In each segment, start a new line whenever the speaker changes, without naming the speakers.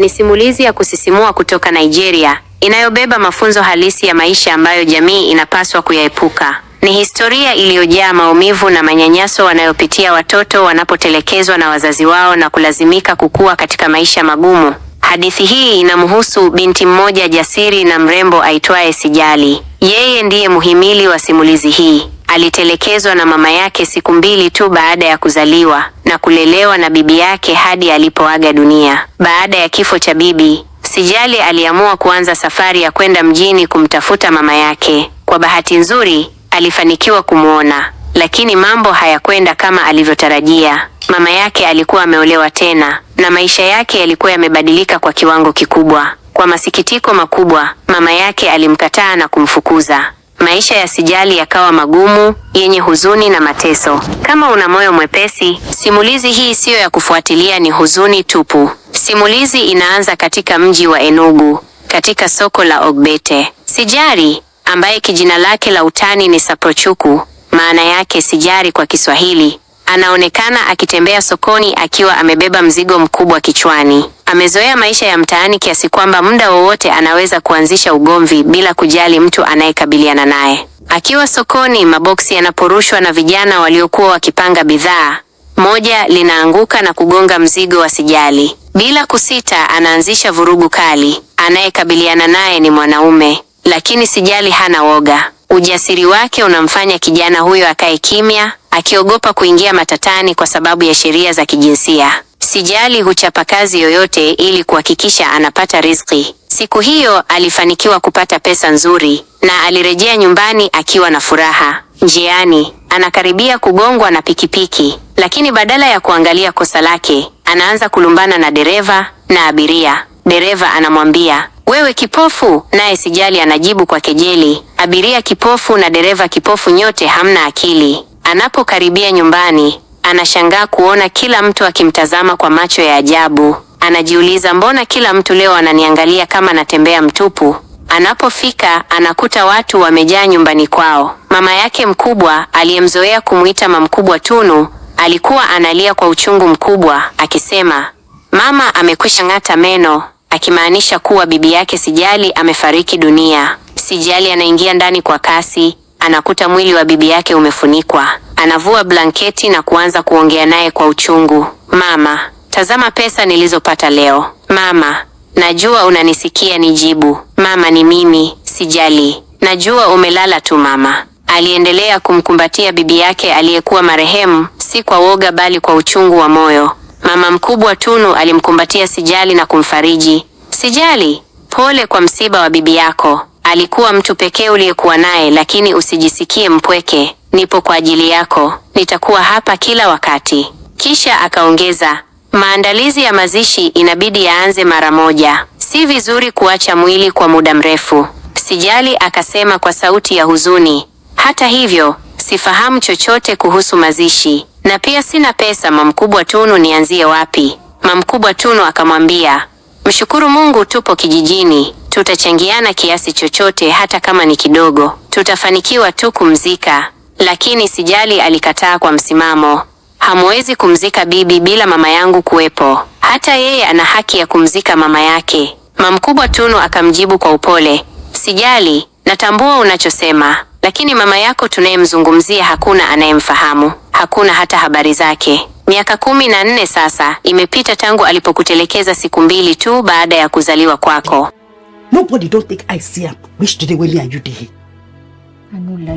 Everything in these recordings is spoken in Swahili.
ni simulizi ya kusisimua kutoka Nigeria inayobeba mafunzo halisi ya maisha ambayo jamii inapaswa kuyaepuka. Ni historia iliyojaa maumivu na manyanyaso wanayopitia watoto wanapotelekezwa na wazazi wao na kulazimika kukua katika maisha magumu. Hadithi hii inamhusu binti mmoja jasiri na mrembo aitwaye Sijali. Yeye ndiye muhimili wa simulizi hii. Alitelekezwa na mama yake siku mbili tu baada ya kuzaliwa na kulelewa na bibi yake hadi alipoaga dunia. Baada ya kifo cha bibi, Sijali aliamua kuanza safari ya kwenda mjini kumtafuta mama yake. Kwa bahati nzuri, alifanikiwa kumwona, lakini mambo hayakwenda kama alivyotarajia. Mama yake alikuwa ameolewa tena na maisha yake yalikuwa yamebadilika kwa kiwango kikubwa. Kwa masikitiko makubwa, mama yake alimkataa na kumfukuza maisha ya Sijali yakawa magumu, yenye huzuni na mateso. Kama una moyo mwepesi, simulizi hii siyo ya kufuatilia, ni huzuni tupu. Simulizi inaanza katika mji wa Enugu, katika soko la Ogbete. Sijari ambaye kijina lake la utani ni Saprochuku, maana yake sijari kwa Kiswahili, Anaonekana akitembea sokoni akiwa amebeba mzigo mkubwa kichwani. Amezoea maisha ya mtaani kiasi kwamba muda wowote anaweza kuanzisha ugomvi bila kujali mtu anayekabiliana naye. Akiwa sokoni, maboksi yanaporushwa na vijana waliokuwa wakipanga bidhaa, moja linaanguka na kugonga mzigo wa Sijali. Bila kusita, anaanzisha vurugu kali. Anayekabiliana naye ni mwanaume, lakini Sijali hana woga. Ujasiri wake unamfanya kijana huyo akae kimya akiogopa kuingia matatani kwa sababu ya sheria za kijinsia. Sijali huchapa kazi yoyote ili kuhakikisha anapata riziki. Siku hiyo alifanikiwa kupata pesa nzuri na alirejea nyumbani akiwa na furaha. Njiani anakaribia kugongwa na pikipiki, lakini badala ya kuangalia kosa lake, anaanza kulumbana na dereva na abiria. Dereva anamwambia wewe kipofu, naye Sijali anajibu kwa kejeli, abiria kipofu na dereva kipofu, nyote hamna akili. Anapokaribia nyumbani, anashangaa kuona kila mtu akimtazama kwa macho ya ajabu. Anajiuliza, mbona kila mtu leo ananiangalia kama natembea mtupu? Anapofika anakuta watu wamejaa nyumbani kwao. Mama yake mkubwa aliyemzoea kumwita mamkubwa Tunu alikuwa analia kwa uchungu mkubwa, akisema mama amekwisha ng'ata meno, akimaanisha kuwa bibi yake Sijali amefariki dunia. Sijali anaingia ndani kwa kasi anakuta mwili wa bibi yake umefunikwa. Anavua blanketi na kuanza kuongea naye kwa uchungu. Mama, tazama pesa nilizopata leo. Mama, najua unanisikia, nijibu. Mama, ni mimi, sijali, najua umelala tu mama. Aliendelea kumkumbatia bibi yake aliyekuwa marehemu, si kwa woga, bali kwa uchungu wa moyo. Mama mkubwa Tunu alimkumbatia Sijali na kumfariji, Sijali, pole kwa msiba wa bibi yako alikuwa mtu pekee uliyekuwa naye, lakini usijisikie mpweke, nipo kwa ajili yako, nitakuwa hapa kila wakati. Kisha akaongeza, maandalizi ya mazishi inabidi yaanze mara moja, si vizuri kuacha mwili kwa muda mrefu. Sijali, akasema kwa sauti ya huzuni. Hata hivyo sifahamu chochote kuhusu mazishi na pia sina pesa. Mamkubwa Tunu, nianzie wapi? Mamkubwa Tunu akamwambia mshukuru Mungu tupo kijijini, tutachangiana kiasi chochote, hata kama ni kidogo, tutafanikiwa tu kumzika. Lakini Sijali alikataa kwa msimamo, hamuwezi kumzika bibi bila mama yangu kuwepo, hata yeye ana haki ya kumzika mama yake. Mamkubwa Tunu akamjibu kwa upole, Sijali, natambua unachosema, lakini mama yako tunayemzungumzia hakuna anayemfahamu, hakuna hata habari zake. Miaka kumi na nne sasa imepita tangu alipokutelekeza siku mbili tu baada ya kuzaliwa kwako.
Nobody don't think I see him. Which today will you do?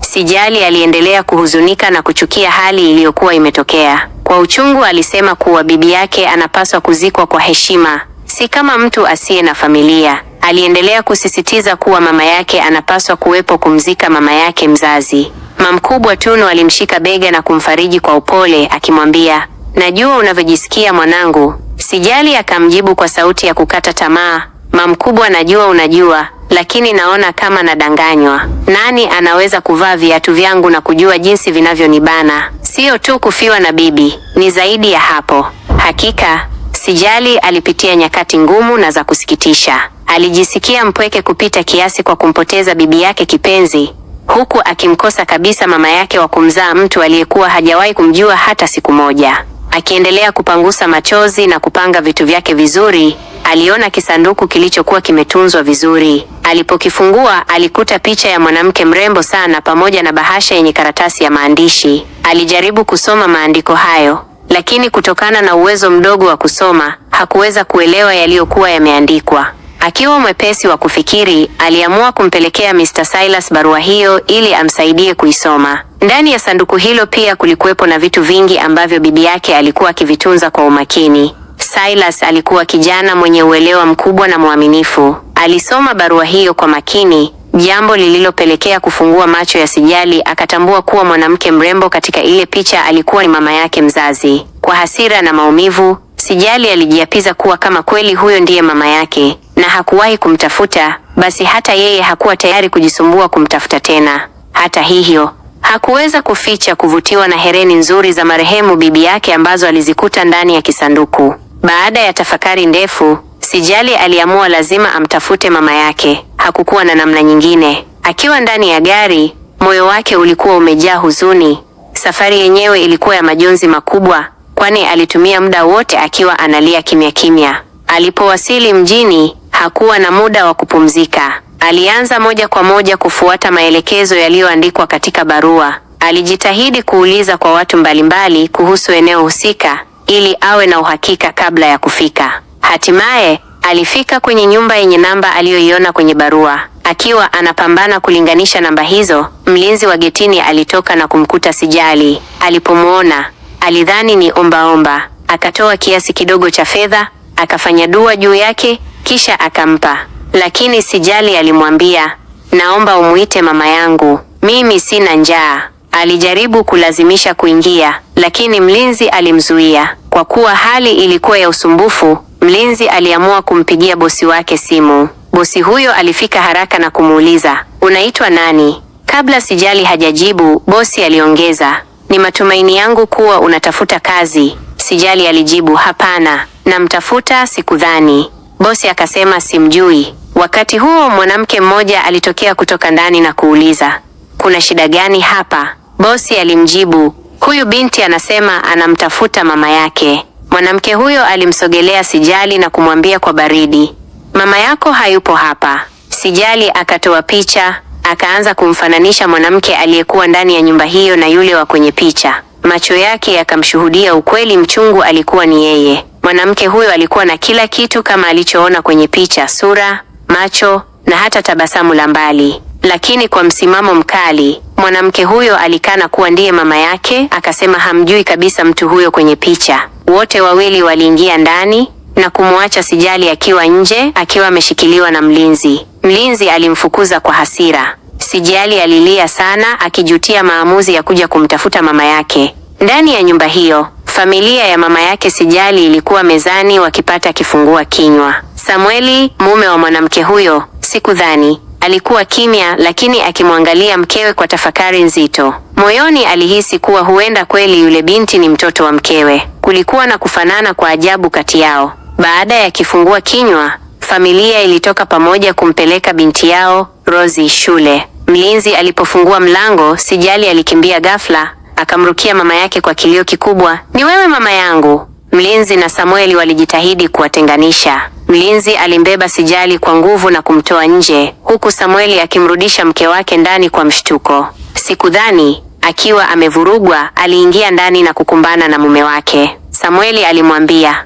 Sijali aliendelea kuhuzunika na kuchukia hali iliyokuwa imetokea. Kwa uchungu alisema kuwa bibi yake anapaswa kuzikwa kwa heshima, si kama mtu asiye na familia. Aliendelea kusisitiza kuwa mama yake anapaswa kuwepo kumzika mama yake mzazi. Mamkubwa Tunu alimshika bega na kumfariji kwa upole akimwambia najua unavyojisikia mwanangu, Sijali akamjibu kwa sauti ya kukata tamaa, mamkubwa, najua unajua, lakini naona kama nadanganywa. Nani anaweza kuvaa viatu vyangu na kujua jinsi vinavyonibana? Sio tu kufiwa na bibi, ni zaidi ya hapo. Hakika Sijali alipitia nyakati ngumu na za kusikitisha. Alijisikia mpweke kupita kiasi kwa kumpoteza bibi yake kipenzi, huku akimkosa kabisa mama yake wa kumzaa mtu aliyekuwa hajawahi kumjua hata siku moja. Akiendelea kupangusa machozi na kupanga vitu vyake vizuri, aliona kisanduku kilichokuwa kimetunzwa vizuri. Alipokifungua alikuta picha ya mwanamke mrembo sana pamoja na bahasha yenye karatasi ya maandishi. Alijaribu kusoma maandiko hayo, lakini kutokana na uwezo mdogo wa kusoma hakuweza kuelewa yaliyokuwa yameandikwa. Akiwa mwepesi wa kufikiri, aliamua kumpelekea Mr. Silas barua hiyo ili amsaidie kuisoma. Ndani ya sanduku hilo pia kulikuwepo na vitu vingi ambavyo bibi yake alikuwa akivitunza kwa umakini. Silas alikuwa kijana mwenye uelewa mkubwa na mwaminifu. Alisoma barua hiyo kwa makini, jambo lililopelekea kufungua macho ya Sijali, akatambua kuwa mwanamke mrembo katika ile picha alikuwa ni mama yake mzazi. Kwa hasira na maumivu, Sijali alijiapiza kuwa kama kweli huyo ndiye mama yake na hakuwahi kumtafuta, basi hata yeye hakuwa tayari kujisumbua kumtafuta tena. Hata hivyo, hakuweza kuficha kuvutiwa na hereni nzuri za marehemu bibi yake ambazo alizikuta ndani ya kisanduku. Baada ya tafakari ndefu, Sijali aliamua lazima amtafute mama yake. Hakukuwa na namna nyingine. Akiwa ndani ya gari, moyo wake ulikuwa umejaa huzuni. Safari yenyewe ilikuwa ya majonzi makubwa, kwani alitumia muda wote akiwa analia kimya kimya. Alipowasili mjini, hakuwa na muda wa kupumzika. Alianza moja kwa moja kufuata maelekezo yaliyoandikwa katika barua. Alijitahidi kuuliza kwa watu mbalimbali kuhusu eneo husika ili awe na uhakika kabla ya kufika. Hatimaye alifika kwenye nyumba yenye namba aliyoiona kwenye barua. Akiwa anapambana kulinganisha namba hizo, mlinzi wa getini alitoka na kumkuta Sijali. Alipomwona alidhani ni ombaomba, akatoa kiasi kidogo cha fedha, akafanya dua juu yake kisha akampa. Lakini Sijali alimwambia, naomba umuite mama yangu, mimi sina njaa. Alijaribu kulazimisha kuingia, lakini mlinzi alimzuia. Kwa kuwa hali ilikuwa ya usumbufu, mlinzi aliamua kumpigia bosi wake simu. Bosi huyo alifika haraka na kumuuliza, unaitwa nani? Kabla Sijali hajajibu, bosi aliongeza, ni matumaini yangu kuwa unatafuta kazi. Sijali alijibu, hapana, namtafuta sikudhani. Bosi akasema simjui. Wakati huo mwanamke mmoja alitokea kutoka ndani na kuuliza, kuna shida gani hapa? Bosi alimjibu, huyu binti anasema anamtafuta mama yake. Mwanamke huyo alimsogelea Sijali na kumwambia kwa baridi, mama yako hayupo hapa. Sijali akatoa picha, akaanza kumfananisha mwanamke aliyekuwa ndani ya nyumba hiyo na yule wa kwenye picha. Macho yake yakamshuhudia ukweli mchungu, alikuwa ni yeye. Mwanamke huyo alikuwa na kila kitu kama alichoona kwenye picha: sura, macho na hata tabasamu la mbali. Lakini kwa msimamo mkali, mwanamke huyo alikana kuwa ndiye mama yake, akasema hamjui kabisa mtu huyo kwenye picha. Wote wawili waliingia ndani na kumwacha Sijali akiwa nje akiwa ameshikiliwa na mlinzi. Mlinzi alimfukuza kwa hasira. Sijali alilia sana, akijutia maamuzi ya kuja kumtafuta mama yake ndani ya nyumba hiyo. Familia ya mama yake Sijali ilikuwa mezani wakipata kifungua kinywa. Samweli, mume wa mwanamke huyo, sikudhani alikuwa kimya, lakini akimwangalia mkewe kwa tafakari nzito. Moyoni alihisi kuwa huenda kweli yule binti ni mtoto wa mkewe. Kulikuwa na kufanana kwa ajabu kati yao. Baada ya kifungua kinywa, familia ilitoka pamoja kumpeleka binti yao rosi shule. Mlinzi alipofungua mlango, Sijali alikimbia ghafla, akamrukia mama yake kwa kilio kikubwa, ni wewe mama yangu. Mlinzi na Samueli walijitahidi kuwatenganisha. Mlinzi alimbeba Sijali kwa nguvu na kumtoa nje, huku Samueli akimrudisha mke wake ndani kwa mshtuko. Sikudhani, akiwa amevurugwa, aliingia ndani na kukumbana na mume wake. Samueli alimwambia,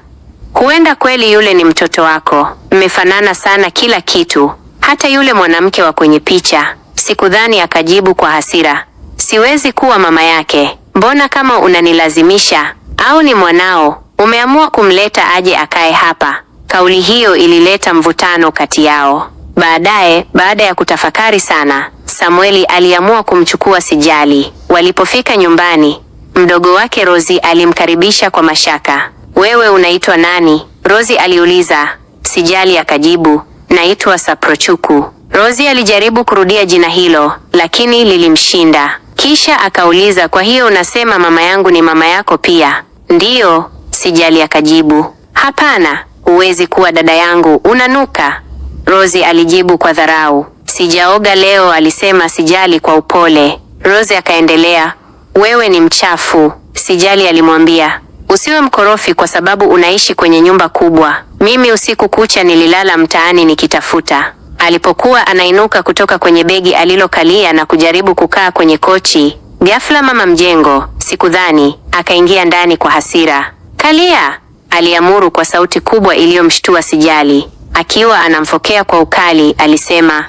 huenda kweli yule ni mtoto wako, mmefanana sana kila kitu, hata yule mwanamke wa kwenye picha. Sikudhani, akajibu kwa hasira siwezi kuwa mama yake. Mbona kama unanilazimisha? Au ni mwanao umeamua kumleta aje akae hapa? Kauli hiyo ilileta mvutano kati yao. Baadaye, baada ya kutafakari sana, Samueli aliamua kumchukua Sijali. Walipofika nyumbani, mdogo wake Rozi alimkaribisha kwa mashaka. Wewe unaitwa nani? Rozi aliuliza. Sijali akajibu, naitwa Saprochuku. Rozi alijaribu kurudia jina hilo, lakini lilimshinda. Kisha akauliza, kwa hiyo unasema mama yangu ni mama yako pia? Ndiyo, Sijali akajibu. Hapana, huwezi kuwa dada yangu, unanuka, Rozi alijibu kwa dharau. Sijaoga leo, alisema Sijali kwa upole. Rozi akaendelea, wewe ni mchafu. Sijali alimwambia, usiwe mkorofi kwa sababu unaishi kwenye nyumba kubwa. Mimi usiku kucha nililala mtaani nikitafuta Alipokuwa anainuka kutoka kwenye begi alilokalia na kujaribu kukaa kwenye kochi, ghafla mama mjengo, sikudhani, akaingia ndani kwa hasira. Kalia, aliamuru kwa sauti kubwa iliyomshtua Sijali. Akiwa anamfokea kwa ukali, alisema,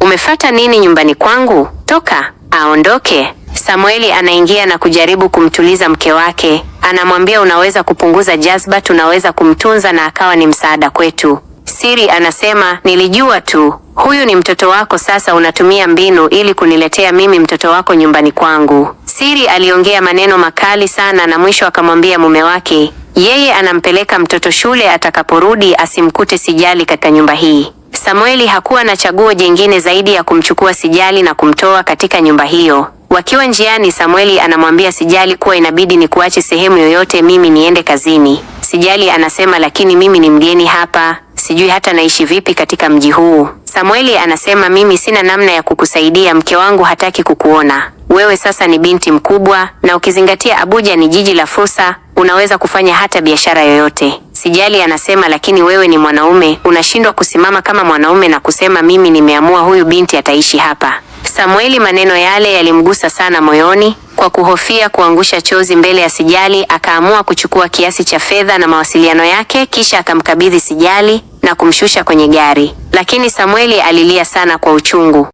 umefata nini nyumbani kwangu? Toka! Aondoke. Samueli anaingia na kujaribu kumtuliza mke wake, anamwambia unaweza kupunguza jazba, tunaweza kumtunza na akawa ni msaada kwetu. Siri anasema nilijua tu, huyu ni mtoto wako. Sasa unatumia mbinu ili kuniletea mimi mtoto wako nyumbani kwangu. Siri aliongea maneno makali sana, na mwisho akamwambia mume wake yeye anampeleka mtoto shule, atakaporudi asimkute Sijali katika nyumba hii. Samueli hakuwa na chaguo jingine zaidi ya kumchukua Sijali na kumtoa katika nyumba hiyo. Wakiwa njiani, Samueli anamwambia Sijali kuwa inabidi nikuache sehemu yoyote, mimi niende kazini. Sijali anasema lakini mimi ni mgeni hapa. Sijui hata naishi vipi katika mji huu. Samueli anasema mimi sina namna ya kukusaidia, mke wangu hataki kukuona wewe. Sasa ni binti mkubwa, na ukizingatia Abuja ni jiji la fursa, unaweza kufanya hata biashara yoyote. Sijali anasema, lakini wewe ni mwanaume, unashindwa kusimama kama mwanaume na kusema mimi nimeamua, huyu binti ataishi hapa. Samueli maneno yale yalimgusa sana moyoni. Kwa kuhofia kuangusha chozi mbele ya Sijali, akaamua kuchukua kiasi cha fedha na mawasiliano yake, kisha akamkabidhi Sijali na kumshusha kwenye gari, lakini Samueli alilia sana kwa uchungu.